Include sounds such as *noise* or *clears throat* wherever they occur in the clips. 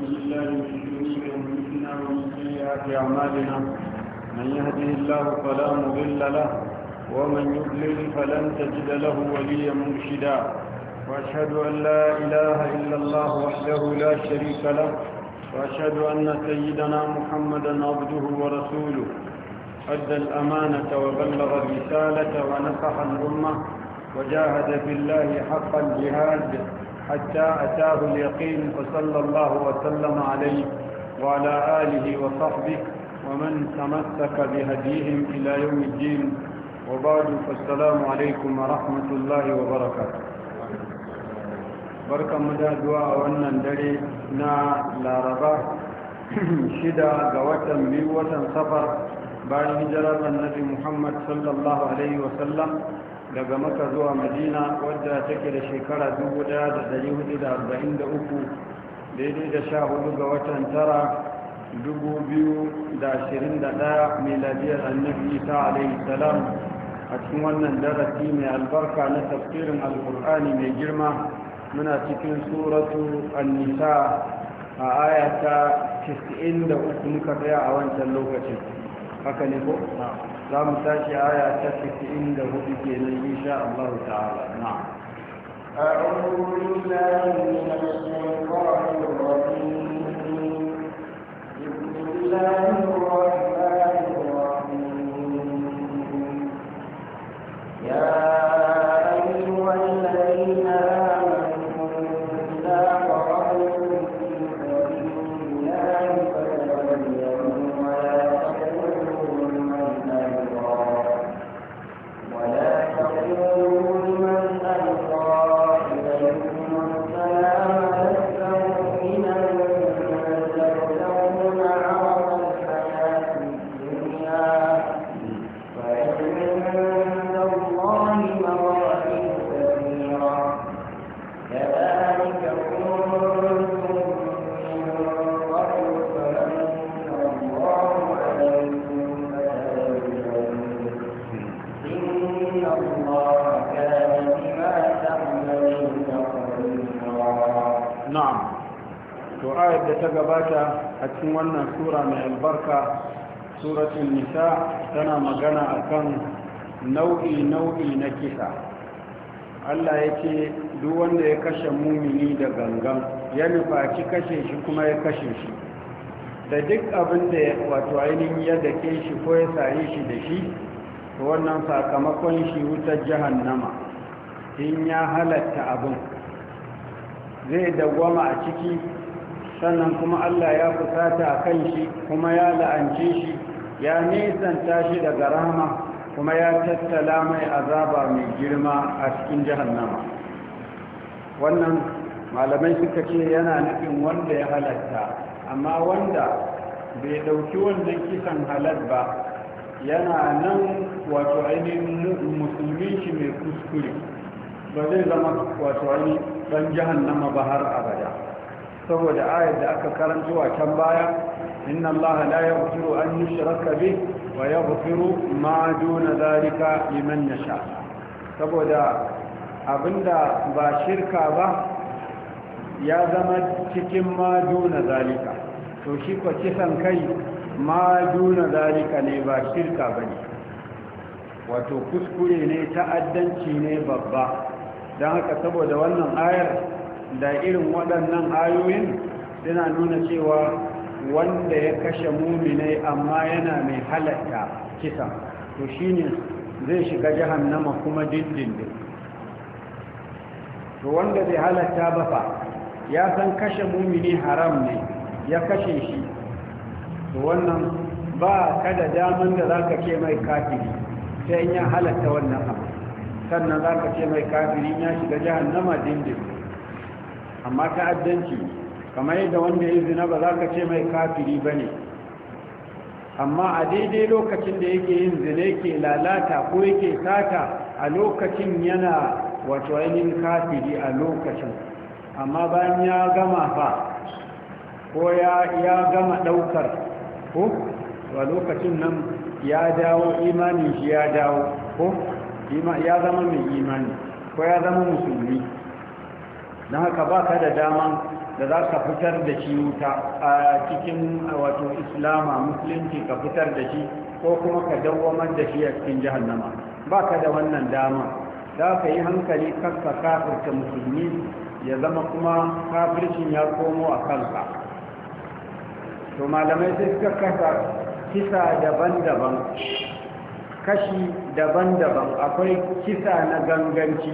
من أنفسنا ومن أعمالنا من يهده الله فلا مضل له ومن يضلل فلن تجد له وليا مرشدا وأشهد أن لا إله إلا الله وحده لا شريك له وأشهد أن سيدنا محمدا عبده ورسوله أدى الأمانة وبلغ الرسالة ونصح الأمة وجاهد في الله حق الجهاد حتى أتاه اليقين فصلى الله وسلم عليه وعلى آله وصحبه ومن تمسك بهديهم إلى يوم الدين وبعد فالسلام عليكم ورحمة الله وبركاته بركة مدى دعاء ونن دري نا لا رباه *clears throat* شدا ga ميوة biyu بعد هجرة النبي محمد صلى الله عليه وسلم daga maka zuwa madina wadda take da shekara 1443 daidai da sha hudu ga watan tara 2021 miladiyar annabi ta alaihi salam a cikin wannan darasi mai albarka na tafsirin alkur'ani mai girma muna cikin suratu annisa a ayata 93 muka tsaya a wancan lokacin haka ne ko? za mu tashi aya ta 94 إن شاء Allah نعم. أعوذ بالله من الشيطان الرجيم بسم الله الرحمن الرحيم يا suratun nisa tana magana akan nau'i-nau'i na kisa allah ya ce duk wanda ya kashe mumini da gangan ya nufaci kashe shi kuma ya kashe shi da duk abin da wato ainihin ya dake shi ko ya sayi shi da shi wannan sakamakon shi wutar jahannama in ya halatta abin zai da gwama a ciki sannan kuma allah ya fusata a kan shi kuma ya la'ance shi ya nisanta shi daga rahama kuma ya tattala mai azaba mai girma a cikin nama. wannan malamai suka ce yana nufin wanda ya halatta amma wanda bai dauki wannan kisan halar ba yana nan wato ainihin musulmi shi mai kuskure ba zai zama wato ainihin dan nama ba har abada saboda ayar da aka karanta a can baya إن الله لا يغفر أن يشرك به ويغفر ما دون ذلك لمن يشاء saboda abinda ba shirka ba ya zama cikin ma duna zalika to shi ko kisan kai ma duna zalika ne ba shirka ba ne wato kuskure ne ta'addanci ne babba don haka saboda wannan ayar da irin waɗannan ayoyin suna nuna cewa wanda ya kashe muminai amma yana mai halatta kisan to shine zai shiga jahannama kuma dindindin to wanda bai halatta ba fa ya san kashe mumini haram ne ya kashe shi to wannan ba kada daman da za ka ce mai kafiri sai ya halatta wannan abu sannan za ka ce mai kafiri ya shiga jahannama dindindin amma ta'addanci ne kamar yadda wanda ya zina ba za ka ce mai kafiri ba ne amma a daidai lokacin da yake yin zina ke lalata ko yake sata a lokacin yana wato ainihin kafiri a lokacin amma bayan ya gama fa ko ya gama daukar ko a lokacin nan ya dawo imanin shi ya dawo ko ya zama mai imani ko ya zama musulmi Na haka ba ka da daman da za ka fitar da shi wuta a cikin wato islama musulunci ka fitar da shi ko kuma ka dawwamar da shi a cikin jahannama ba ka da wannan dama za ka yi hankali kanka kafirta musulmi ya zama kuma kafircin ya komo a kanka to malamai sai suka kasa kisa daban-daban kashi daban-daban akwai kisa na ganganci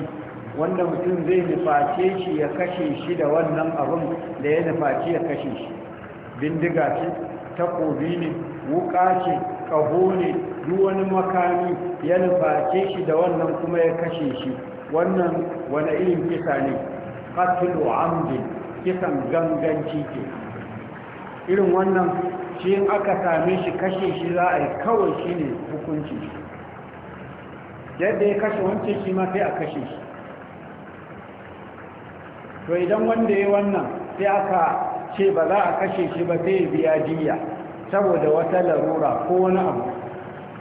wanda mutum zai nuface shi ya kashe shi da wannan abin da ya nuface ya kashe shi bindiga ce takobi ne wuka ce ƙaho ne duk makami ya nuface shi da wannan kuma ya kashe shi wannan wani irin kisa ne qatlu amdi kisan ganganci ke irin wannan shi yin aka same shi kashe shi za a yi kawai shi ne hukunci yadda ya kashe wancan shi ma sai a kashe shi to idan wanda ya wannan sai aka ce ba za a kashe shi ba sai biya jiya saboda wata larura ko wani abu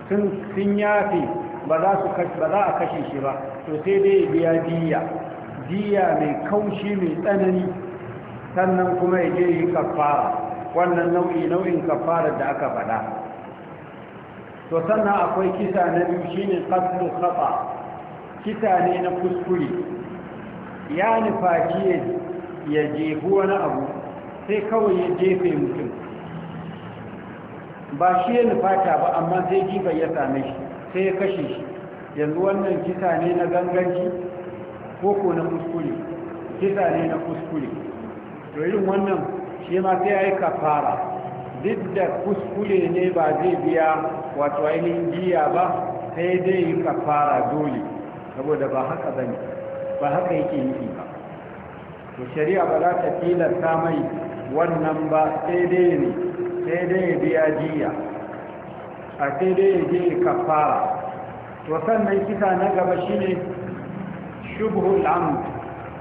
sun yafe ba za a kashe shi ba to sai dai biya jiya jiya mai kaushi mai tsanani sannan kuma ya je yi kafara wannan nau'i nau'in kafarar da aka faɗa to sannan akwai kisa na biyu shine qatlu khata kisa ne na kuskure ya nufaci ya jefi wani abu sai kawai ya jefe mutum ba shi ya nufata ba amma sai ba ya same shi sai ya kashe shi yanzu wannan kisa ne na ganganci ko na kuskure kisa ne na kuskure to wannan shi ma sai ya yi kafara duk da kuskure ne ba zai biya wato ainihin biya ba sai dai yi kafara dole saboda ba haka zane ba haka yake nufi ba to shari'a ba za ta tilasta mai wannan ba sai dai ne sai dai ya biya jiya a sai dai ya je kafara to sannan kisa na gaba shine shubhul amd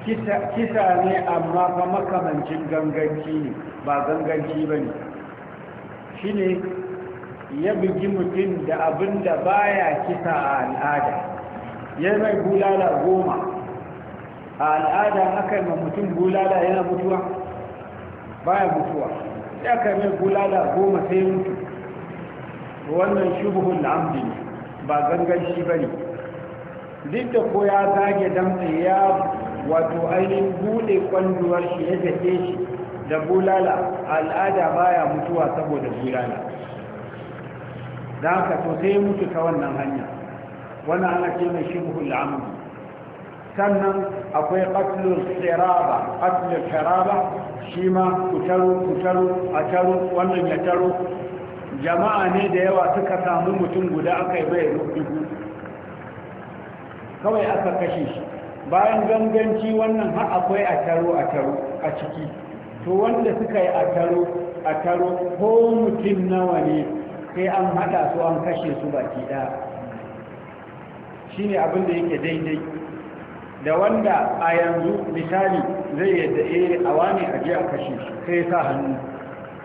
kisa ne amma fa makamancin ganganci ne ba ganganci ba ne shi ne ya bugi mutum da abin da baya kisa a al'ada ya mai bulala goma a al'ada aka yi mutum bulala yana mutuwa baya mutuwa sai aka yi bulala goma sai mutu wannan shubuhun la'amdi ne ba zangan shi bane duk da ko ya zage damtse ya wato ainihin bude kwanduwar shi ya jake shi da bulala al'ada baya mutuwa saboda bulala da haka to sai mutu ta wannan hanya wannan ana ce mai shubuhun la'amdi sannan akwai qatlul siraba qatlul siraba shi ma kutaru kutaru a taru, wannan ya taru. jama'a ne da yawa suka samu mutum guda aka yi bai rubutu kawai aka kashe shi bayan ganganci wannan har akwai a taru, a taru, a ciki to wanda suka yi a taru, a taru, ko mutum nawa ne sai an haɗa su an kashe su baki ɗaya shi ne abin yake daidai da wanda a yanzu misali zai yadda eh a wani kashe sai sa hannu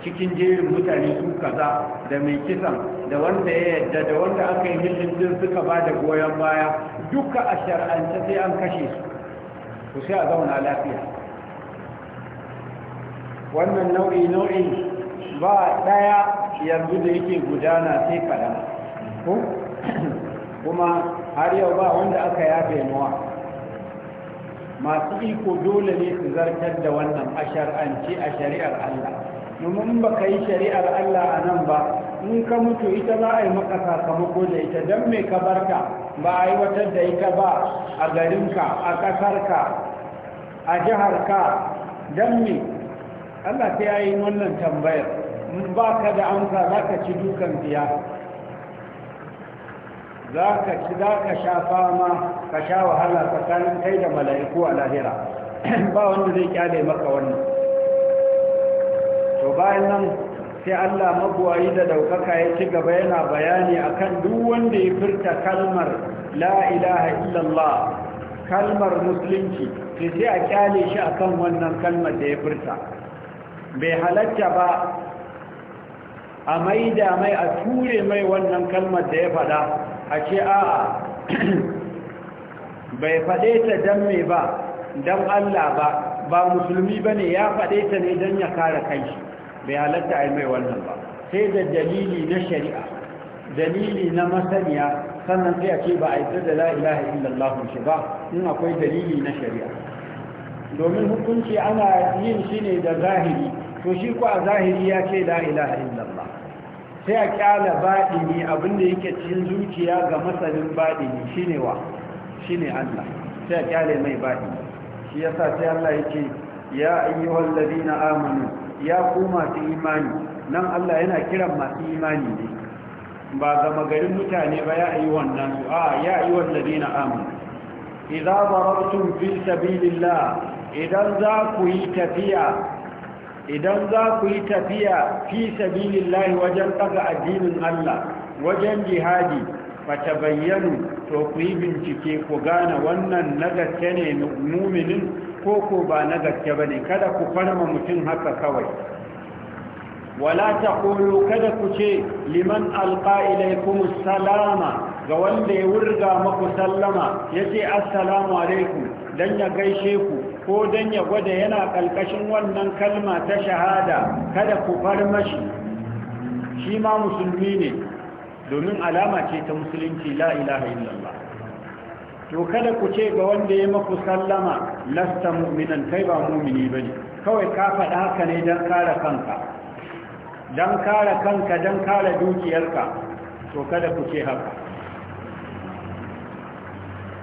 cikin jerin mutane su kaza da mai kisan da wanda ya yadda da wanda aka yi hilin suka ba da goyon baya duka a shar'anta sai an kashe su ku sai a zauna lafiya wannan nau'i nau'i ba daya yanzu da yake gudana sai kaɗan *clears throat* kuma har yau ba wanda aka yafe mawa masu iko dole ne su zartar da wannan a a shari'ar Allah domin ba ka yi shari'ar Allah a nan ba in ka mutu ita za a yi maka sakamako da ita don me ka barka ba a yi aiwatar da ita ba a garinka a ƙasarka a jiharka don me Allah ta yi wannan tambayar ba ka da amsa za ka ci dukan biya za ka ci sha fama ka sha wahala tsakanin kai da mala'iku a lahira *clears throat* ba wanda zai kyale maka wannan to bayan nan sai Allah mabuwayi da daukaka ya ci gaba yana bayani akan duk wanda ya furta kalmar la ilaha illallah kalmar musulunci sai sai a kyale shi akan wannan kalmar da ya furta bai halatta ba a maida mai a ture mai wannan kalmar da ya fada a ce a'a *clears throat* bai faɗe ta don ba don Allah ba ba musulmi ba ne ya faɗe ta ne don ya kare kai bai halatta a mai wannan ba sai da dalili na shari'a dalili na masaniya sannan sai a ce ba a yi da la illallah shi ba in akwai dalili na shari'a domin hukunci ana yin shi ne da zahiri to shi ko a zahiri ya ce la illallah sai a kyala baɗini abinda yake cikin zuciya ga masanin baɗini ne, wa ne Allah sai a kyale mai baɗini shi sa sai Allah ya ce ya wallabi na amini? ya ku masu imani nan Allah yana kiran masu imani ne ba gama garin mutane ba ya ayi wannan su a ya ayi wallabi na idza idan za ku yi tafiya idan za ku yi tafiya fi sabilillahi wajen ɗaga addinin Allah wajen jihadi fata bayyanu to ku yi bincike ku gane wannan na gaske ne muminin ko ko ba na gaske ba ne kada ku farma mutum haka kawai wala ta kada ku ce liman kuma salama ga wanda ya wurga maku sallama ya ce assalamu alaikum don ya gaishe ku ko don ya gwada yana ƙalƙashin wannan kalma ta shahada kada ku mashi. shi ma musulmi ne domin alama ce ta musulunci la ilaha illallah to kada ku ce ga wanda ya maku sallama lasta mu'minan kai ba mu'mini ne. kawai ka faɗa haka ne don kare kanka don kare kanka don kare dukiyarka to kada ku ce haka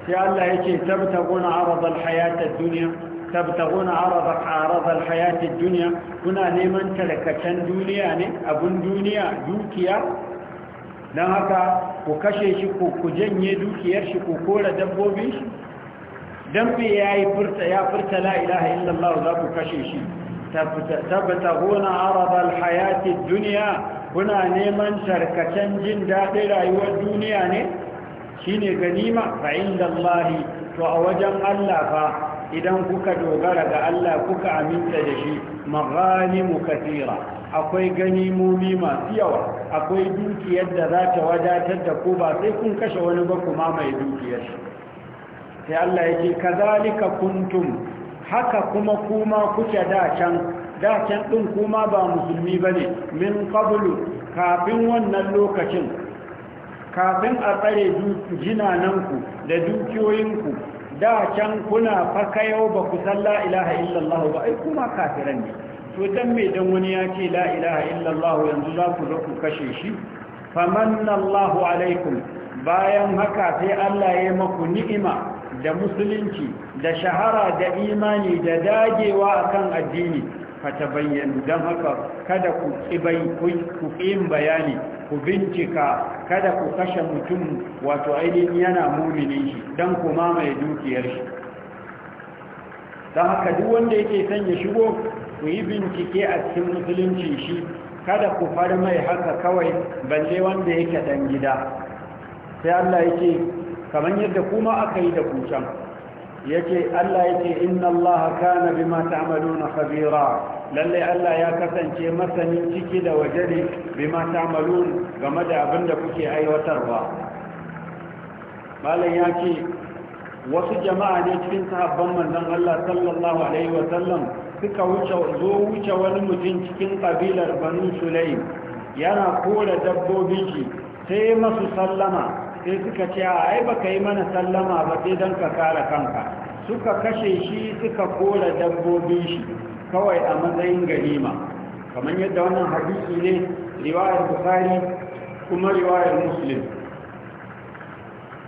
sai Allah yake tabtaguna aradal hayatad dunya tabtaguna aradal aradal hayatad dunya kuna neman tarkacen duniya ne abun duniya dukiya dan haka ku kashe shi ko ku janye dukiyar shi ko kora dabbobin shi dan bi yayi furta ya furta la ilaha illallah za ku kashe shi tabtaguna aradal hayatad dunya kuna neman tarkacen jin dadin rayuwar duniya ne shine ganima fa inda Allahi, to a wajen Allah fa idan kuka dogara ga Allah kuka aminta da shi maghanimu kathira akwai ganimomi masu yawa akwai dukiyar da za ta wadatar da ku ba sai kun kashe wani ba kuma mai dukiyar shi sai Allah ce kazalika kuntum haka kuma kuma kuke da can da can din kuma ba musulmi bane min qablu kafin wannan lokacin kafin a tsare jinananku da dukiyoyinku da can kuna fakayau ba ku san la illallah ba ai kuma kafiran ne to dan me dan wani ya ce la illallah yanzu za ku zo ku kashe shi famanna alaikum bayan haka sai Allah ya maku ni'ima da musulunci da shahara da imani da dagewa akan addini fata bayyana don haka kada ku ƙibai ku bayani ku bincika kada ku kashe mutum wato ainihin yana muminin shi don kuma mai dukiyar shi don haka duk wanda yake son ya shigo ku yi bincike a cikin musulunci shi kada ku fari mai haka kawai balle wanda yake dan gida sai Allah yake kamar yadda kuma aka yi da kucan yake Allah yake inna Allah kana bima ta'maluna khabira lalle Allah ya kasance masanin ciki da waje ne bima ta'malun game da abin da kuke aiwatarwa malam ya ce wasu jama'a ne cikin sahabban manzon Allah sallallahu alaihi wa sallam suka wuce zo wuce wani mutum cikin kabilar Banu Sulaim yana kora dabbobi shi sai masu sallama sai suka ce ai baka yi mana sallama ba sai dan ka kare kanka suka kashe shi suka kora dabbobin shi kawai a matsayin ganima kamar yadda wannan hadisi ne riwayar bukhari kuma riwayar muslim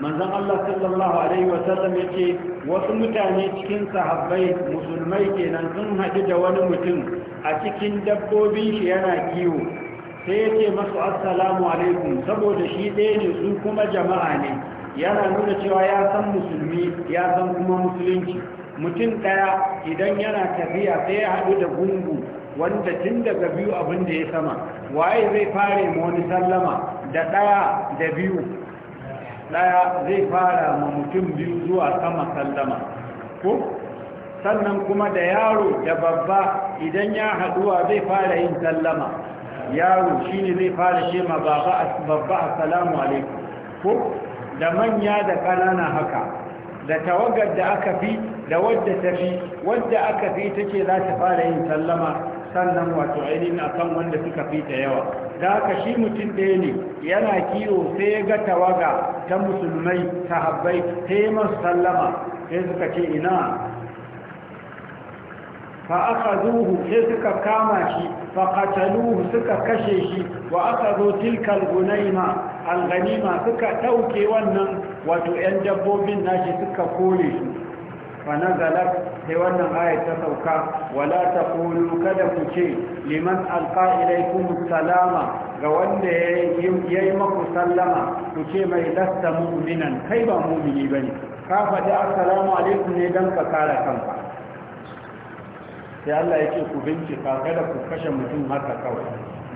manzon Allah sallallahu alaihi wasallam ya ce wasu mutane cikin sahabbai musulmai kenan sun haɗu da wani mutum a cikin dabbobi shi yana kiwo sai ya ce masu assalamu alaikum saboda shi ɗaya ne su kuma jama'a ne yana nuna cewa ya san musulmi ya san kuma musulunci mutum ɗaya idan yana tafiya sai ya haɗu da gungu wanda tun daga biyu abin da ya sama waye zai fara ma wani sallama da ɗaya da biyu ɗaya zai fara ma mutum biyu zuwa sama sallama ko sannan kuma da yaro da babba idan ya haɗuwa zai fara yin sallama yaro shi ne zai fara ce ma babba assalamu alaikum ko da manya da ƙanana haka da tawagar da aka fi da wadda ta fi wadda aka fi take za ta fara yin sallama sannan wato ainihin akan wanda suka fi ta yawa da aka shi mutum ɗaya ne yana kiwo sai ya ga tawaga ta musulmai habbai ta yi masu sallama sai suka ce ina fa aka zuhu sai suka kama shi fa kataluhu suka kashe shi wa aka zo tilkal gunaima alganima suka ɗauke wannan wato 'yan dabbobin nashi suka kore shi fanazalar sai wannan ayat ta sauka wala ta kulu kada ku ce liman alka kuma salama ga wanda ya yi maku sallama ku ce mai lasta mu'minan kai ba mu'mini ne. ka faɗi assalamu alaikum ne don ka kare kanka sai Allah ya ce ku bincika kada ku kashe mutum haka kawai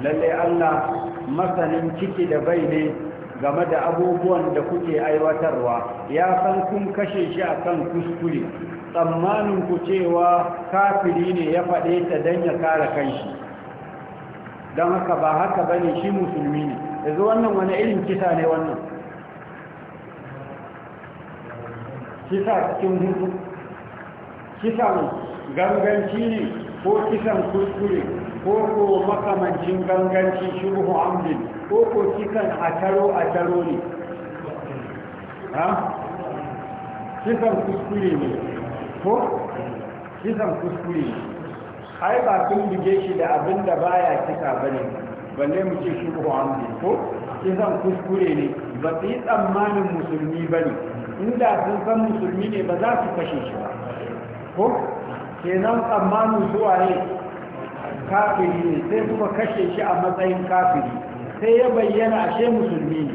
lallai Allah masanin ciki da bai ne game da abubuwan da kuke aiwatarwa ya san kun kashe shi a kan kuskure tsammanin ku cewa kafiri ne ya faɗe ta don ya kare kanshi don haka ba haka ba ne shi musulmi ne yanzu wannan wani irin kisa ne wannan kisa cikin hutu kisan ganganci ne ko kisan kuskure ko ko makamancin ganganci shubhu amdin ko ko kisan a taro a taro ne ha kisan kuskure ne ko kisan kuskure ne ai ba kun buge shi da abin da baya kisa bane balle mu ce shubhu amdin ko kisan kuskure ne ba su yi tsammanin musulmi ba ne inda sun san musulmi ne ba za su kashe shi ba ko kenan tsammanin zuwa ne kafiri ne sai kuma kashe shi a matsayin kafiri sai ya bayyana ashe musulmi ne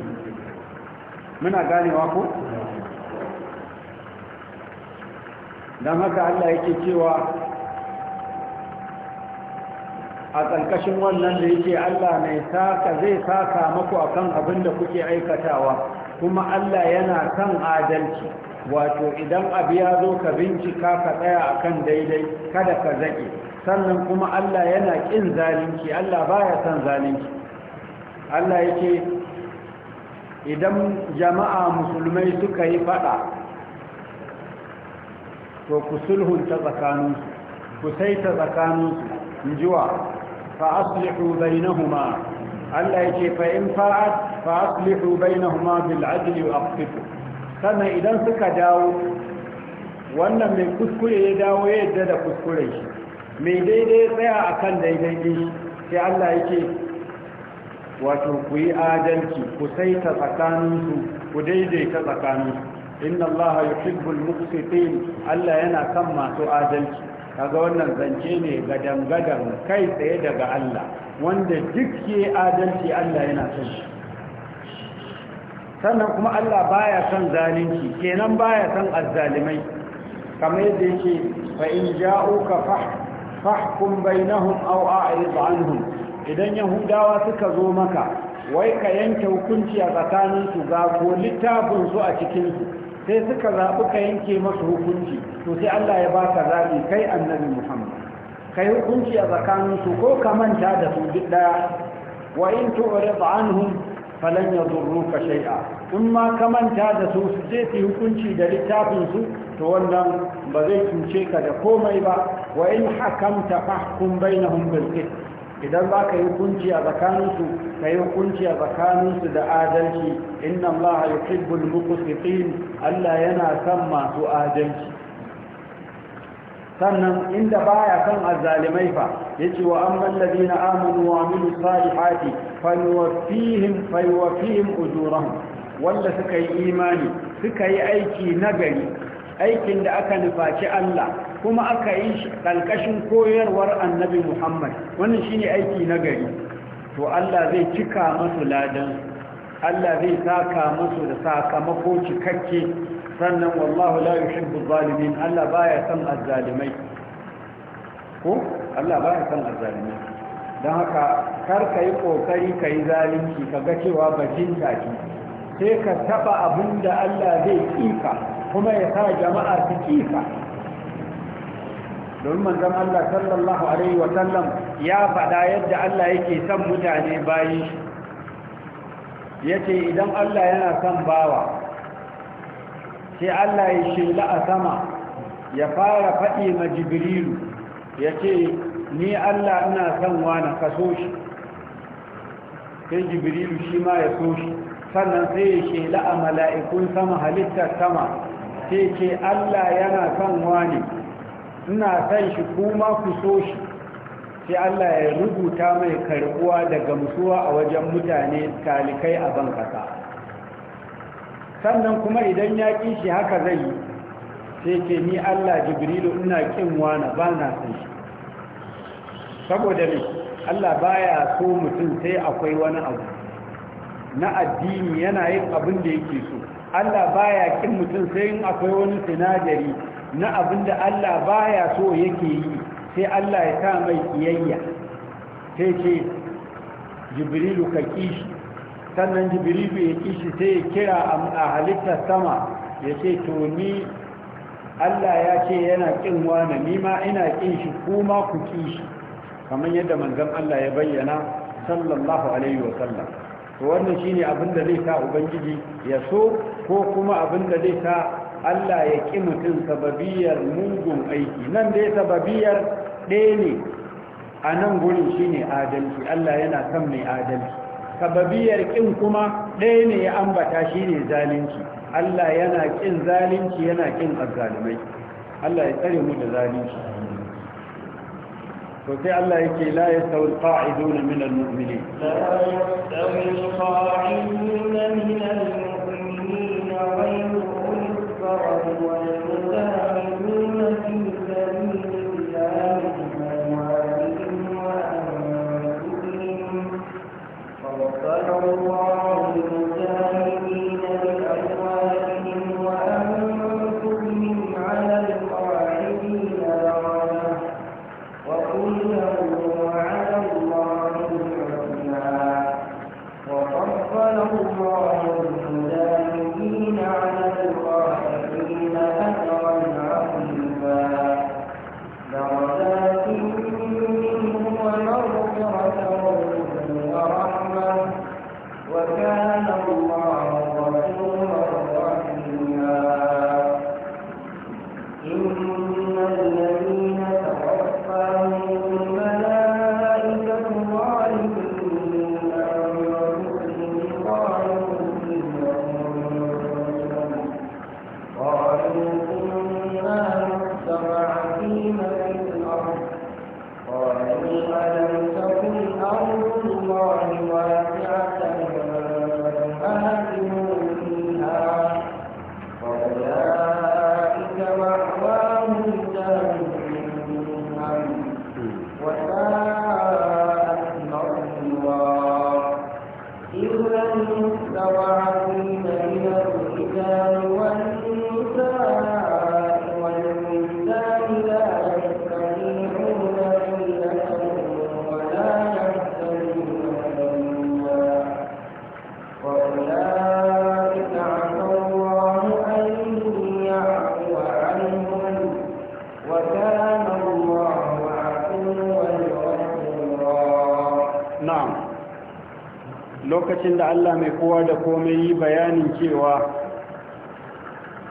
muna ganewa ko don haka Allah yake cewa a ƙarƙashin wannan da yake Allah mai saka zai saka maku akan abin da kuke aikatawa kuma Allah yana kan adalci wato idan abu ya zo ka bincika ka tsaya akan daidai kada ka zaƙe sannan kuma Allah yana ƙin zalunci Allah ba ya son zalunci Allah ya ce idan jama'a musulmai suka yi faɗa to ku sulhunta tsakaninsu ku saita tsakaninsu injiwa fa aslihu bainahuma Allah ya ce in fa'at fa aslihu bainahuma bil adli wa aqsitu sannan idan suka dawo wannan mai kuskure ya dawo yadda da kuskure shi mai daidai tsaya a kan daidai ne sai Allah yake wato ku yi adalci ku saita tsakaninsu ku daidaita tsakaninsu inna Allah ya hibbul muqsitin Allah yana kan masu adalci kaga wannan zance ne ga dangadan kai tsaye daga Allah wanda duk ke adalci Allah yana son shi sannan kuma Allah baya son zalunci kenan baya son azzalimai kamar yadda yake fa in ja'uka fahkum bainahum aw a'rid anhum idan yahudawa suka zo maka wai ka yanke hukunci a tsakanin su ga ko littafin su a cikin su sai suka zabi ka yanke masa hukunci to sai Allah ya baka zabi kai annabi Muhammad kai hukunci a tsakanin su ko ka manta da su duk daya wa in tu'rid anhum falan yadurruka shay'a in ma ka manta da su su su hukunci da littafin su to wannan ba zai cince ka da komai ba wa in hakamta fahkum bainahum bil qist idan za ka yi kunci a tsakaninsu ka yi hukunci a tsakaninsu da adalci inna Allah muqsitin Allah yana son masu adalci sannan inda baya kan azzalimai fa yace wa amman ladina amanu wa amilu salihati fanuwaffihim fayuwaffihim ujurahum wanda suka yi imani suka yi aiki nagari aikin da aka nufaci Allah kuma aka yi shi ƙalƙashin koyarwar annabi Muhammad wannan ne aiki na gari to Allah zai cika masu ladan Allah zai saka masu da sakamako cikakke sannan wallahu la yuhibbu zalimin Allah baya san azzalimai ko Allah baya san azzalimai don haka kar kai kokari kai zalunci kaga cewa bajinta ce sai ka taba abinda Allah zai kika kuma ya sa jama'a su kisa domin manzon Allah sallallahu alaihi wa sallam ya faɗa yadda Allah yake son mutane bayi ce idan Allah yana son bawa sai Allah ya shela a sama ya fara faɗi ma jibrilu yace ni Allah ina son wani kaso shi sai jibrilu shi ma ya so shi sannan sai ya shela a mala'ikun sama halittar sama sai ce Allah yana son wani ina son shi kuma ku so shi sai Allah ya rubuta mai karbuwa da gamsuwa a wajen mutane talikai a ban kasa sannan kuma idan ya ƙi shi haka zai yi sai ce ni Allah jibrilu ina ƙin wani ba na son shi saboda ne Allah baya so mutum sai akwai wani abu na addini yana yin abin da yake so Allah baya kin mutum sai in akwai wani sinadari na abinda Allah baya so yake yi sai Allah ya sa mai kiyayya sai ce jibrilu ka kishi sannan jibrilu ya kishi sai ya kira a halittar sama ya ce to ni Allah ya ce yana kin wani ni ma ina kin shi kuma ku kishi kamar yadda manzon Allah ya bayyana sallallahu alaihi wa sallam to wannan shine abin da zai sa ubangiji ya so ko kuma abin da zai sa Allah ya ki mutum sababiyar mugun aiki nan dai sababiyar ɗaya ne a nan gurin shine adalci Allah yana son mai adalci sababiyar kin kuma ɗaya ne ya ambata shine zalunci Allah yana kin zalunci yana kin azzalumai Allah ya tsare mu da zalunci وفي الله يكي لا يستوي القاعدون من المؤمنين لا يستوي القاعدون من المؤمنين غير أولي الضرر lokacin da Allah mai kowa da komai yi bayanin cewa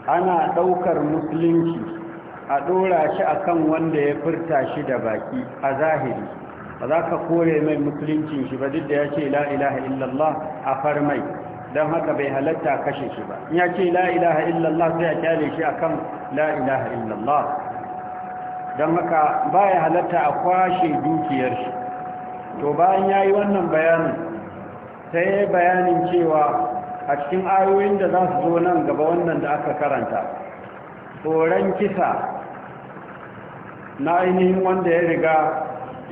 ana ɗaukar musulunci a ɗora shi a kan wanda ya furta shi da baki a zahiri ba za ka kore mai musuluncin shi ba duk da ya ce la'ilaha illallah a farmai don haka bai halatta kashe shi ba ya ce la'ilaha illallah sai a kyale shi a akan la'ilaha illallah don haka ba ya halatta a kwashe dukiyar shi to bayan ya yi wannan bayanin sai ya bayanin cewa a cikin ayoyin da za su zo nan gaba wannan da aka karanta tsoron kisa na ainihin wanda ya riga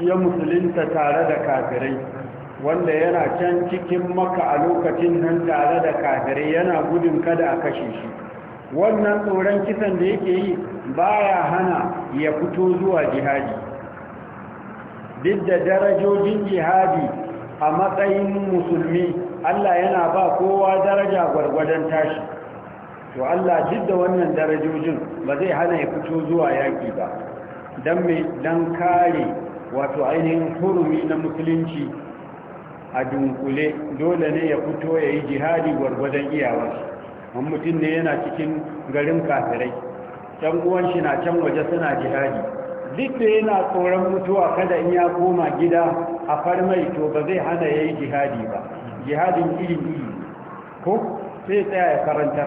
ya musulinta tare da kafirai wanda yana can cikin maka a lokacin nan tare da kafirai yana gudun kada a kashe shi wannan tsoron kisan da yake yi baya hana ya fito zuwa jihadi duk da darajojin jihadi a matsayin musulmi Allah yana ba kowa daraja gwargwadon tashi to Allah jidda wannan darajojin ba zai hana ya fito zuwa yaƙi ba don mai don kare wato ainihin hurumi na musulunci a dunkule dole ne ya fito ya yi jihadi gwargwadon iyawarsa wani mutum ne yana cikin garin kafirai can uwanshi shi na can waje suna jihadi duk da yana tsoron mutuwa kada in ya koma gida a farmai to ba zai hana ya yi jihadi ba jihadin iri-iri ko sai tsaya ya karanta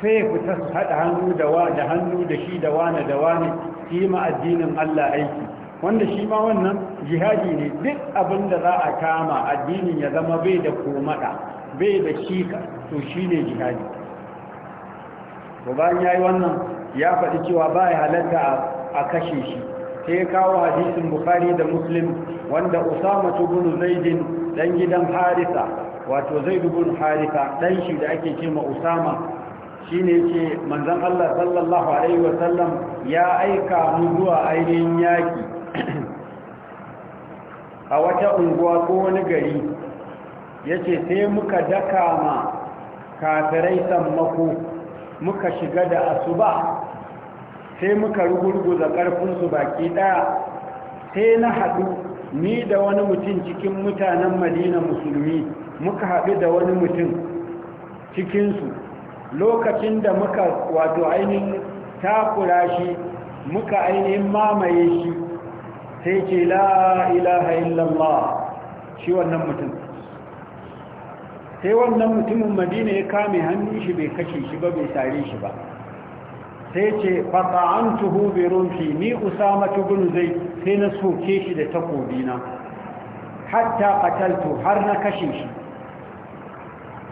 sai ya fita su haɗa hannu da wa da hannu da shi da wane da wane su yi ma'addinin Allah aiki wanda shi ma wannan jihadi ne duk abin da za a kama addinin ya zama bai da komaɗa bai da shika to shi ne jihadi to bayan ya yi wannan ya faɗi cewa ba ya halatta a kashe shi sai kawo hadisin bukari da muslim wanda usama bin zaidin dan gidan harisa wato zai dubu harisa dan shi da ake ce ma usama shine ce manzon Allah sallallahu alaihi wasallam ya aika mu zuwa ainihin yaƙi a wata unguwa ko wani gari yace sai muka daka ma kafirai sammako muka shiga da asuba sai muka rugurguza ƙarfinsu baki ɗaya sai na haɗu ni da wani mutum cikin mutanen madina musulmi muka haɗu da wani mutum cikinsu lokacin da muka wato ainihin takura shi muka ainihin mamaye shi sai ce la ilaha illallah shi wannan mutum sai wannan mutumin madina ya kame hannun shi bai kashe shi ba bai sare shi ba sai ce fata'antuhu bi rumhi ni usama ibn zai sai na soke shi da takobi takobina hatta qataltu har na kashe shi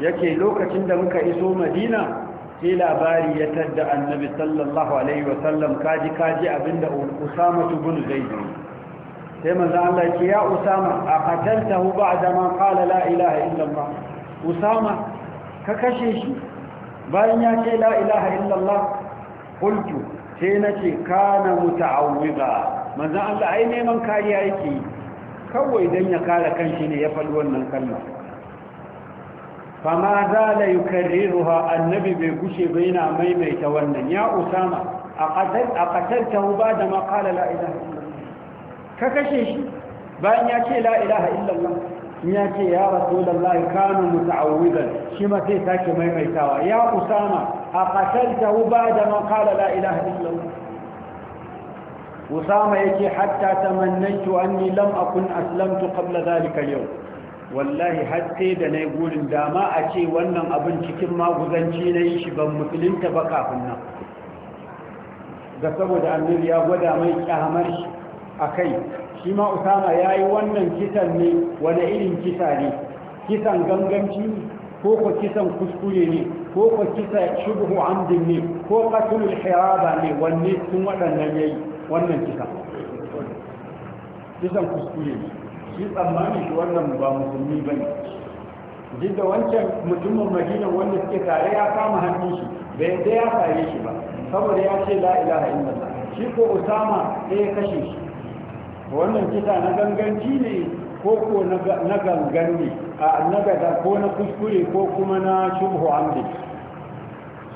yake lokacin da muka iso madina sai labari ya tadda annabi sallallahu alaihi wa sallam kaji kaji abinda usama ibn zaid sai manzo Allah ya ce ya usama a qataltahu ba'da ma qala la ilaha illa allah usama ka kashe shi bayan ya ce la'ilaha ilaha illallah kultu sai na ce kana muta'awwiza manzon Allah ai neman kariya yake kawai don ya kare kanshi ne ya faɗi wannan kalma fama zala yukarriruha annabi bai gushe bai na maimaita wannan ya usama a ƙasar qataltahu ba da ma qala illallah ka kashe shi bayan ya ce la illallah in ya ce ya rasu rasulullahi kana muta'awwidan shi ma sai sake maimaitawa ya usama a qataltahu ba'da ma qala la ilaha illa usama yake hatta tamannaitu anni lam akun aslamtu qabla dhalika al wallahi har sai da nayi gurin dama a ce wannan abin cikin maguzanci nayi shi ban musulinta ba kafin nan ga saboda Aminu ya gwada mai kyamar shi a kai shi ma usama ya yi wannan kisan ne wani irin kisa ne kisan ganganci ko ko kisan kuskure ne ko ko kisa shubuhu amdin ne ko katulul hiraba ne wanne sun waɗannan yayi wannan kisa kisan kuskure ne shi tsammani shi wannan ba musulmi bane duk da wancan mutumin madina wanda suke tare ya kama hannun shi bai yadda ya tare shi ba saboda ya ce la ilaha illallah shi ko usama sai ya kashe shi wannan kisa na ganganci ne ko ko na gangan ne a na ko na kuskure ko kuma na shubhu amdi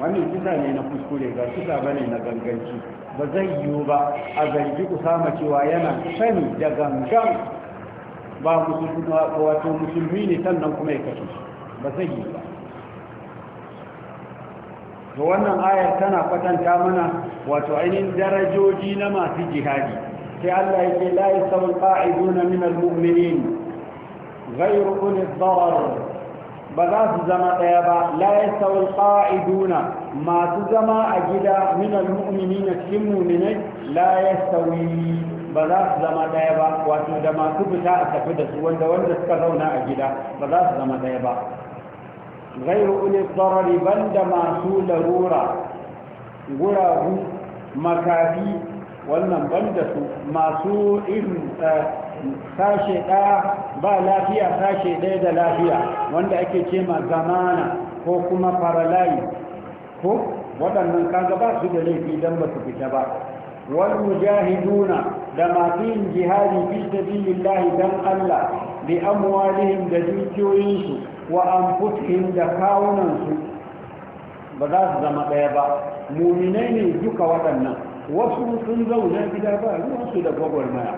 wannan kisa ne na kuskure ga kisa bane na ganganci ba zai yiwu ba a zargi sama cewa yana sani da gangan ba wato musulmi ne sannan kuma ya kashe ba zai yiwu ba To wannan ayar tana kwatanta mana wato ainihin darajoji na masu jihadi sai Allah yake la yasawu qa'iduna min almu'minin ghayru ulil darar ba za su zama ɗaya ba la yasawu qa'iduna masu zama a gida min na cikin mu'minai la ba za su zama ɗaya ba wato da masu fita a tafi da su wanda wanda suka zauna a gida ba za su zama ɗaya ba غير أولي الضرر بند ما سول guragu makafi wannan banda su masu irin eh, sashe ɗaya ba lafiya sashe ɗaya da lafiya wanda ake ce ma zamana ko kuma faralayi ko waɗannan kaga ba su da laifi don ba su fita ba wal mujahiduna da masu yin jihadi fi lahi dan Allah bi amwalihim da dukiyoyinsu wa fushin da kawunansu ba za su zama ɗaya ba muminai ne duka waɗannan wasu sun zauna gida ba ruwansu da gwagwarmaya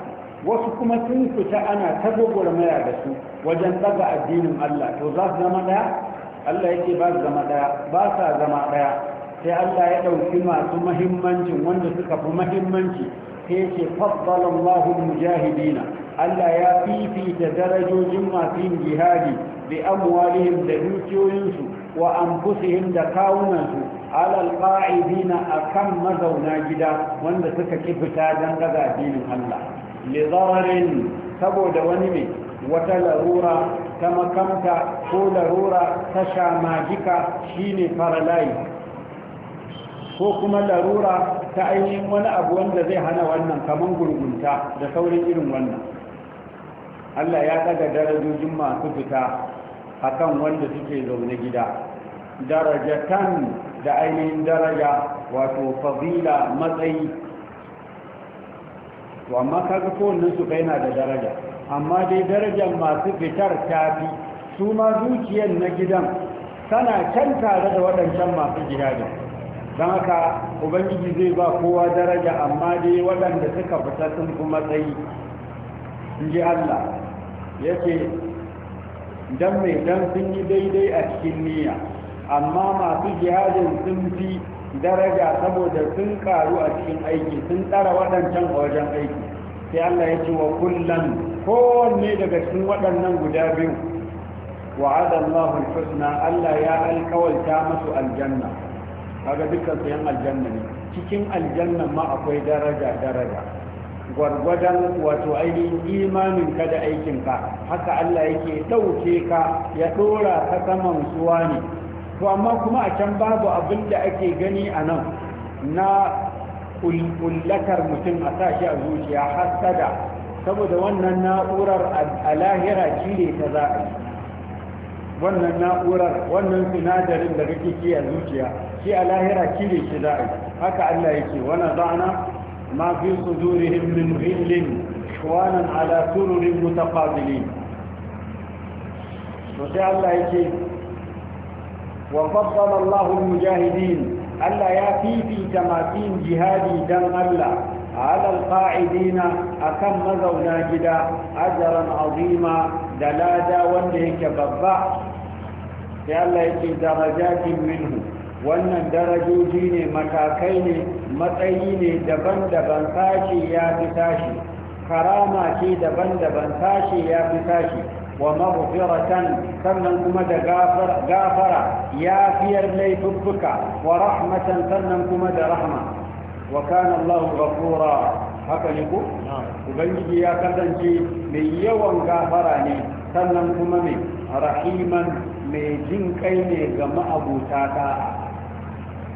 wasu kuma sun fita ana ta gwagwarmaya da su wajen daga addinin Allah to za su zama ɗaya Allah yake ba su zama ɗaya ba sa zama ɗaya sai Allah ya ɗauki masu mahimmancin wanda suka fi mahimmanci sai yake faddalan lahun mujahidina Allah ya fifita darajojin masu yin jihadi bi amwalihim da dukiyoyinsu wa anfusihim da kawunansu alal a akan mazauna gida wanda suka ki fita dan daga dinin Allah li saboda wani ne wata larura ta makamta ko larura ta shamagika shine paralyze ko kuma larura ta ainihin wani abu wanda zai hana wannan kamar gurgunta da saurin irin wannan Allah ya daga darajojin masu fita akan wanda suke zaune gida darajatan da ainihin daraja wato fadila matsayi to amma kaga kowannen su yana da daraja amma dai darajar masu fitar tafi su ma zuciyar na gidan tana can tare da waɗancan masu da. don haka ubangiji zai ba kowa daraja amma dai waɗanda suka fita sun fi matsayi in ji allah ya ce don mai don sun yi daidai a cikin niyya amma masu jihadin sun fi daraja saboda sun karu a cikin aiki sun tsara waɗancan a wajen aiki sai Allah ya ce wa kullum kowanne daga cikin waɗannan guda biyu wa'ada Allahu husna Allah ya alkawalta masu aljanna kaga dukkan su yan aljanna ne cikin aljanna ma akwai daraja daraja gwargwadon wato ainihin imanin ka da aikinka haka Allah yake ɗauke ka ya ɗora ka saman suwa ne to amma kuma a can babu abin da ake gani a nan na kullakar mutum a sashi a zuciya hasada saboda wannan na'urar a lahira cire ta za a yi wannan na'urar wannan sinadarin da kake ke a zuciya shi a lahira cire shi za a yi haka Allah yake wani zana ma fi sudurihim min ghillin shwanan ala sururin mutaqabilin to sai Allah yake وفضل الله المجاهدين ألا يأتي في تماثيل جهادي دم الله على القاعدين أكم مزونا جدا أجرا عظيما دلادا وانهك ببع يألا يأتي درجات منه wannan darajoji ne matakai ne matsayi ne daban-daban sashi ya fi tashi karama ce daban-daban sashi ya fi tashi ومغفرة سنن كما دا غافر غافرة يا فير لي فبك ورحمة سنن كما دا رحمة وكان الله غفورا haka ne ko ubangiji ya kasance mai yawan gafara ne sannan kuma mai rahiman mai jin kai ne ga ma'abuta ta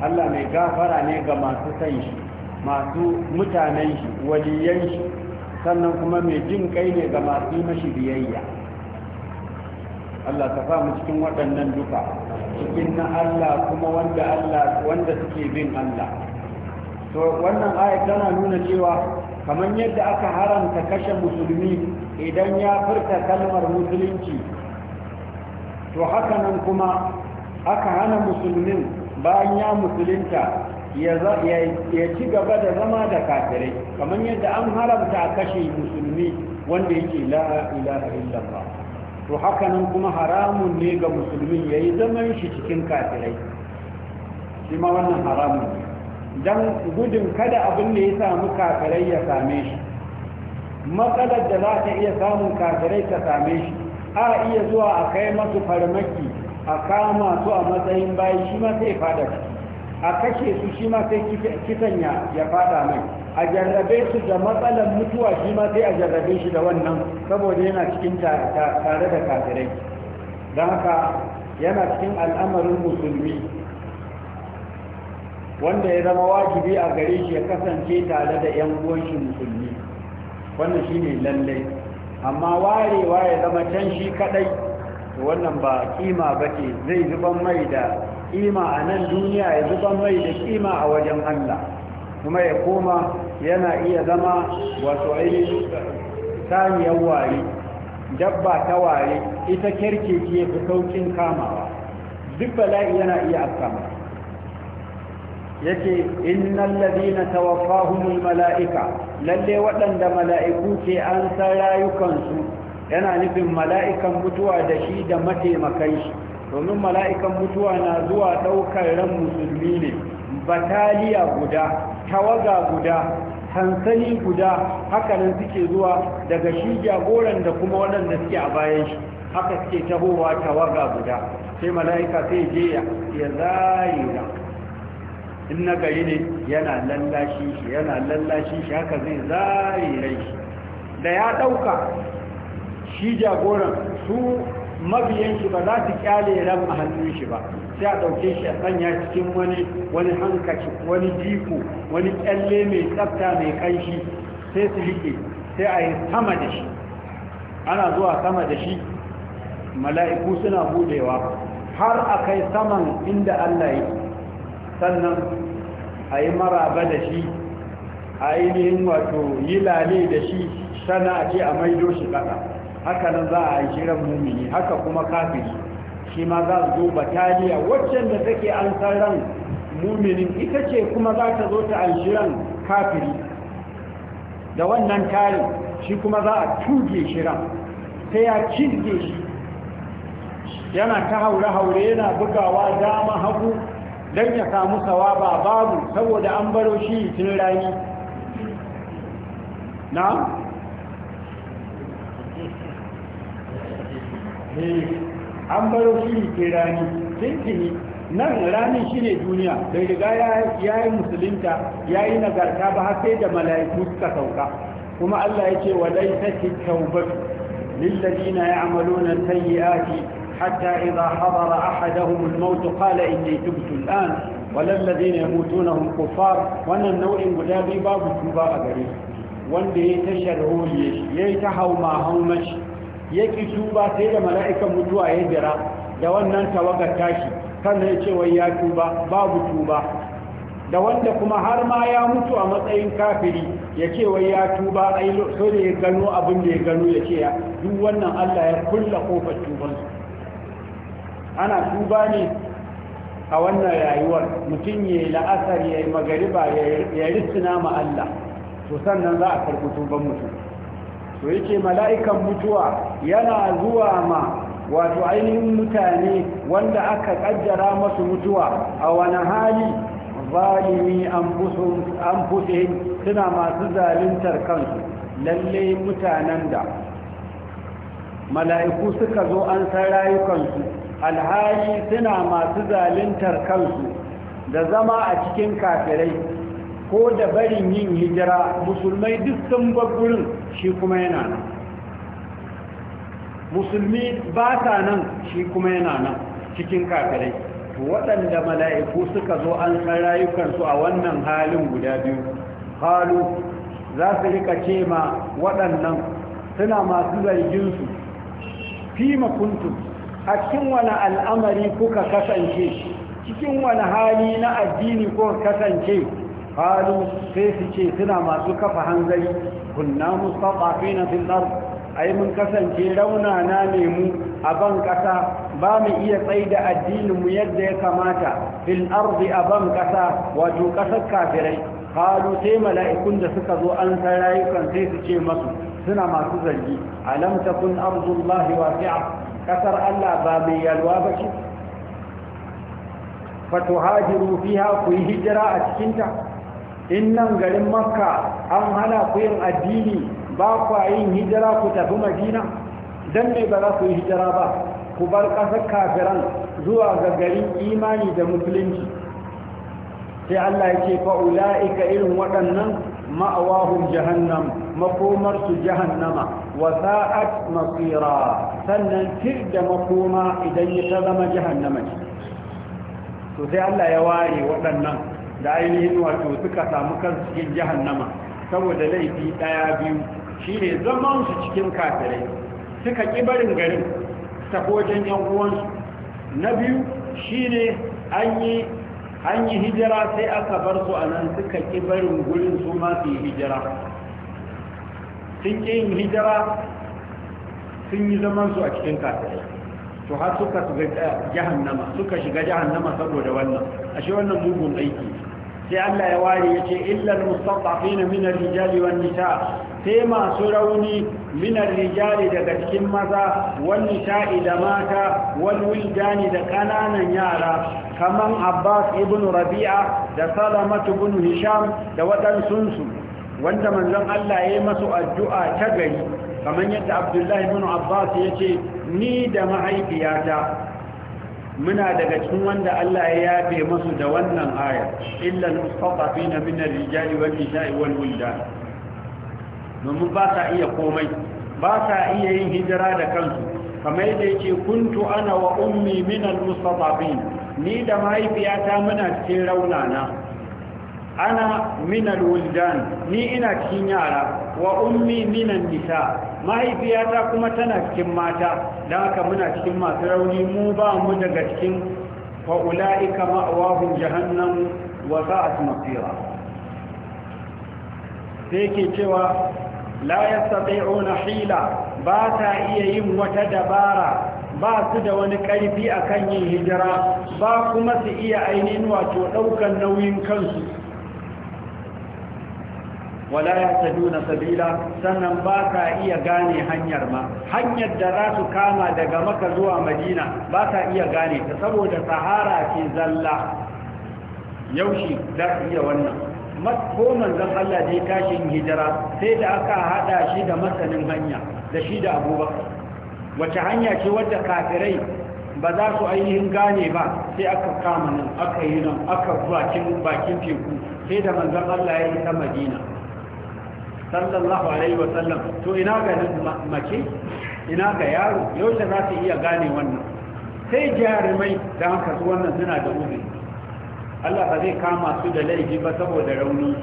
Allah mai gafara ne ga masu san shi masu mutanen shi waliyan shi sannan kuma mai jin kai ne ga masu mashi biyayya Allah ka fa mu cikin waɗannan duka cikin na Allah kuma wanda Allah wanda suke bin Allah to wannan aya tana nuna cewa kamar yadda aka haramta kashe musulmi idan ya furta kalmar musulunci to haka nan kuma aka hana musulmin bayan ya musulunta ya ci gaba da zama da kafirai kamar yadda an haramta a kashe musulmi wanda yake la ilaha illallah to hakanan kuma haramun ne ga musulmi ya yi zaman shi cikin kafirai shi ma wannan haramun ne don gudun kada abin da ya samu kafirai ya same shi matsalar da za ta iya samun kafirai ta same shi a iya zuwa a kai masu farmaki a kama su a matsayin bayi shi ma sai fada a kashe su shi ma sai kisan ya fada mai a jarrabe su da matsalar mutuwa shi ma sai a jarrabe shi da wannan saboda yana cikin tare da kafirai don haka yana cikin al'amarin musulmi wanda ya zama wajibi a gare shi ya kasance tare da 'yan uwanshi musulmi wannan shi ne lallai amma warewa ya zama can shi kadai wannan ba kima ba ce zai zuban mai da kima a nan duniya ya zuban mai da kima a wajen allah kuma ya koma yana iya zama wato ainihin saniyar ware dabba ta ware ita kerkeci ya fi saukin kamawa duk bala'i yana iya afkama yake innan ladina tawaffahumul mala'ika lalle waɗanda mala'iku ke an san rayukansu yana nufin mala'ikan mutuwa da shi da mataimakai shi domin mala'ikan mutuwa na zuwa ɗaukar ran musulmi ne bataliya guda tawaga guda sansani guda hakanan suke zuwa daga shi jagoran da kuma waɗanda suke a bayan shi haka suke tahowa tawaga guda sai mala'ika sai je ya zayira in na gari ne yana lallashi shi yana lallashi shi haka zai zaira shi da ya ɗauka shi jagoran su mabiyan shi ba za su kyale ran a hannun shi ba sai a ɗauke shi a sanya cikin wani wani hankaci wani jiko wani kyalle mai tsafta mai kanshi sai su rike sai a yi sama da shi ana zuwa sama da shi mala'iku suna budewa har a kai saman inda allah yi sannan a yi maraba da shi a ainihin wato yi lale da shi sana a ce a maido shi ƙasa haka nan za a yi shirin mumini haka kuma kafin. shi ma za su zo bataliya waccan da take an ran muminin ita ce kuma za ta zo ta alshiran kafiri da wannan kare shi kuma za a tuge shiran. sai ya cinge shi yana ta haure-haure yana bugawa dama hagu don ya samu sawaba babu saboda an baro shi tun rani na? Eh. an baro shiri ke rani tuntuni nan ranin shi ne duniya bai riga ya yi musulunta ya yi nagarta ba har sai da mala'iku suka sauka kuma Allah ya ce wa laisati tawbatu lillazina ya'maluna sayyi'ati hatta idha hadara ahaduhum al-maut qala inni tubtu al-an wa lillazina yamutuna wannan nau'in guda biyu babu tuba a gare wanda ya ta sharholiye ya yi ta hauma haumashi Yaki tuba sai da mala'ikan mutuwa ya jira da wannan tawagar tashi sannan ya ce wai ya tuba babu tuba da wanda kuma har ma ya mutu a matsayin kafiri ya ce wai ya tuba ai so da ya gano abin da ya gano ya ce ya duk wannan Allah ya kulla kofar tubansu ana tuba ne a wannan rayuwar mutum ya yi la'asar ya yi magariba ya risina ma Allah to sannan za a karɓi tuban mutum to yake mala'ikan mutuwa yana zuwa ma wato ainihin mutane wanda aka kaddara masu mutuwa a wani hali zalimi an fusihim suna masu zalintar kansu lalle mutanen da mala'iku suka zo an san rayukansu alhali suna masu zalintar kansu da zama a cikin kafirai ko da barin yin hijira musulmai duk sun shi kuma yana nan musulmi ba ta nan shi kuma yana nan cikin kafirai waɗanda mala'iku suka zo an san rayukansu a wannan halin guda biyu halu za su rika ce ma waɗannan suna masu zarginsu fi makuntu a cikin wani al'amari kuka kasance cikin wani hali na addini kuka kasance قالوا كيف شيء سنا ما سكف هنزي كنا مستضعفين في الأرض أي من كسن لونا نانيمو أبن كسا بام إيا قيد الدين ميدي كماتا في الأرض أبن كسا وجو كسا كافرين قالوا سي ملائكون da suka zo an sarayukan sai su ce masu suna masu zargi alam takun ardullahi wasi'a kasar Allah ba mai yalwa ba ce fatuhajiru fiha ku yi hijira a cikinta in nan garin makka an hana ku yin addini ba kwa yin hijira ku tafi madina dan me ba za ku yi hijira ba ku bar ƙasar kafiran zuwa ga garin imani da musulunci sai Allah ya ce fa irin waɗannan ma'awahun jahannam makomar jahannama wa sa'at masira sannan tir da makoma idan ya ta zama jahannama ce to sai Allah ya ware waɗannan da ainihin wato suka samu kansu cikin jahannama saboda laifi daya biyu shine zaman su cikin kafirai suka kibarin barin garin tafi wajen yan uwansu na biyu shine an yi an yi hijira sai aka bar su a nan suka kibarin barin gurin su ma su yi hijira sun ƙi yin hijira sun yi zaman su a cikin kafirai to har suka shiga jahannama suka shiga jahannama saboda wannan ashe wannan mugun aiki sai Allah ya ware ya ce illal mustadafina min ar-rijali wan sai masu rauni min ar-rijali daga cikin maza wan nisa'i da mata wal wildani da kananan yara kaman Abbas ibn Rabi'a da Salamatu, ibn Hisham da wadansunsu wanda manzon Allah ya yi masu addu'a ta gari kaman yadda Abdullah ibn Abbas ya ce ni da mahaifiyata muna daga cikin wanda Allah ya yabe masu da wannan aya illa al-mustaqafina min ar-rijali wal nisa'i wal wildan ba sa iya komai ba sa iya yin hijira da kansu kamar yadda yake kuntu ana wa ummi min al-mustaqafin ni da mahaifiyata muna cikin raunana ana min al-wildan ni ina cikin yara wa ummi minan nisa mahaifiyata kuma tana cikin mata don haka muna cikin masu rauni mu ba mu daga cikin wa ula'ika ma'awahun jahannam wa za'at masira sai ke cewa la yastati'una hila ba ta iya yin wata dabara ba su da wani ƙarfi akan yin hijira ba kuma su iya ainihin wato ɗaukan nauyin kansu wala taduna sabila sannan ba ka iya gane hanyar ma hanyar da za su kama daga maka zuwa madina ba ka iya gane ta saboda sahara ce zalla yaushi za ka iya wannan ko manzon Allah dai tashin hijira sai da aka hada shi da masanin hanya da shi da abubuwa? wace hanya ce wadda kafirai ba za su ainihin gane ba sai aka kama nan aka yi nan aka zuwa bakin teku sai da manzon Allah ya yi ta madina sallallahu alaihi wasallam to ina ga mace ina ga yaro yaushe za su iya gane wannan sai jarumai da an kasu wannan suna da ubi Allah ba zai kama su da laifi ba saboda rauni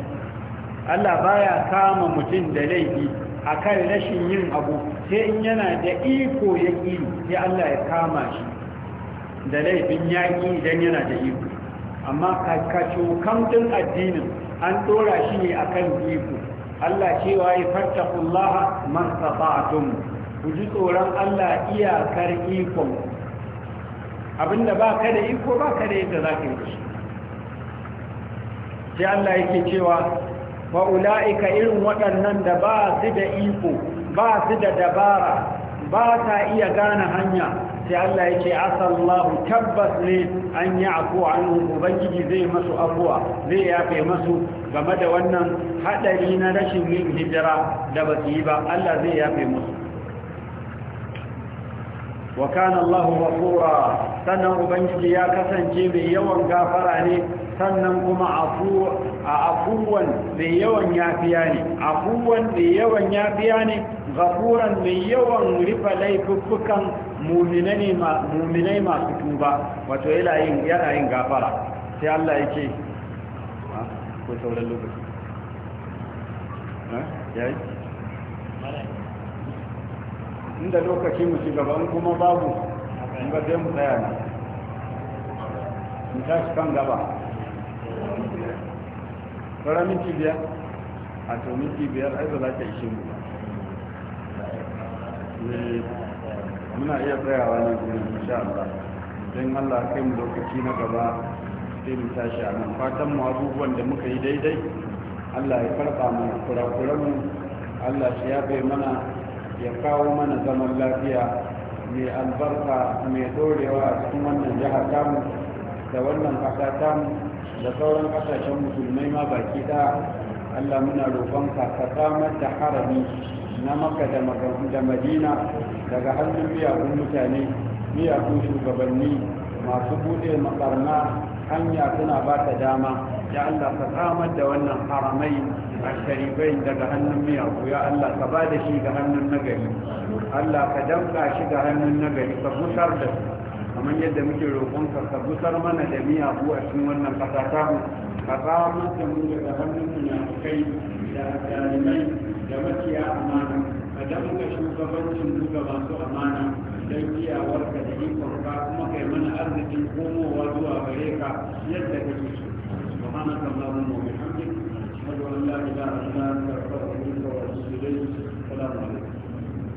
Allah baya kama mutum da laifi akan rashin yin abu sai in yana da iko ya ƙi sai Allah ya kama shi da laifin yaƙi idan yana da iko amma kakacokan din addinin an dora shi ne akan iko Allah cewa ya fattakullaha mastata'tum ku ji tsoron Allah iyakar ikon abinda ba ka da iko ba ka da yadda za ka yi sai Allah yake cewa wa ula'ika irin waɗannan da ba su da iko ba su da dabara ba ta iya gane hanya sai Allah yake asallahu tabbas ne an yi afu anhu ubangiji zai masu afuwa zai yafe masu game da wannan hadari na rashin yin hijira da basu yi ba Allah zai yafe musu wa kana Allah ghafura sannan ubangiji ya kasance mai yawan gafara ne sannan kuma afu a afuwan mai yawan yafiya ne afuwan mai yawan yafiya ne ghafuran mai yawan rifa laifukan. muminai masu tuba wato yana yin gafara sai Allah ya ce ko sauran lokaci yayi inda lokaci mu gaba in kuma babu in ba zai mu tsaya ne mu tashi kan gaba sauran minti biyar a to minti biyar aiza za ta ishe mu ba eh. muna iya tsayawa na in insha Allah don Allah kai mu lokaci na gaba sai mu tashi a nan fatan mu abubuwan da muka yi daidai Allah ya farfa mu kurakuran mu Allah shi ya bai mana ya kawo mana zaman lafiya mai albarka mai dorewa a cikin wannan jiha tamu da wannan ƙasa tamu da sauran kasashen musulmai ma baki ta. Allah muna roƙonka ka samar da harami na maka da madina daga hannun miyagun mutane miyagun shugabanni masu buɗe maɓarna hanya suna ba ta dama ya Allah ka samar da wannan haramai a sharifai daga hannun miyagu ya Allah ka ba da shi ga hannun nagari Allah ka damka shi ga hannun nagari ka busar da su kamar yadda muke roƙonka ka busar mana da miyagu a cikin wannan ƙasa ta mu ka samar da mu daga hannun miyagu kai da jarimai da maciya amana idan ka shugabancin duka masu amana don iyawarka da ikon ka kuma kai mana arzikin komowa zuwa gare ka yadda kake so subhanaka allahumma wa bihamdik ashhadu la ilaha illa anta astaghfiruka wa atubu ilayk assalamu alaikum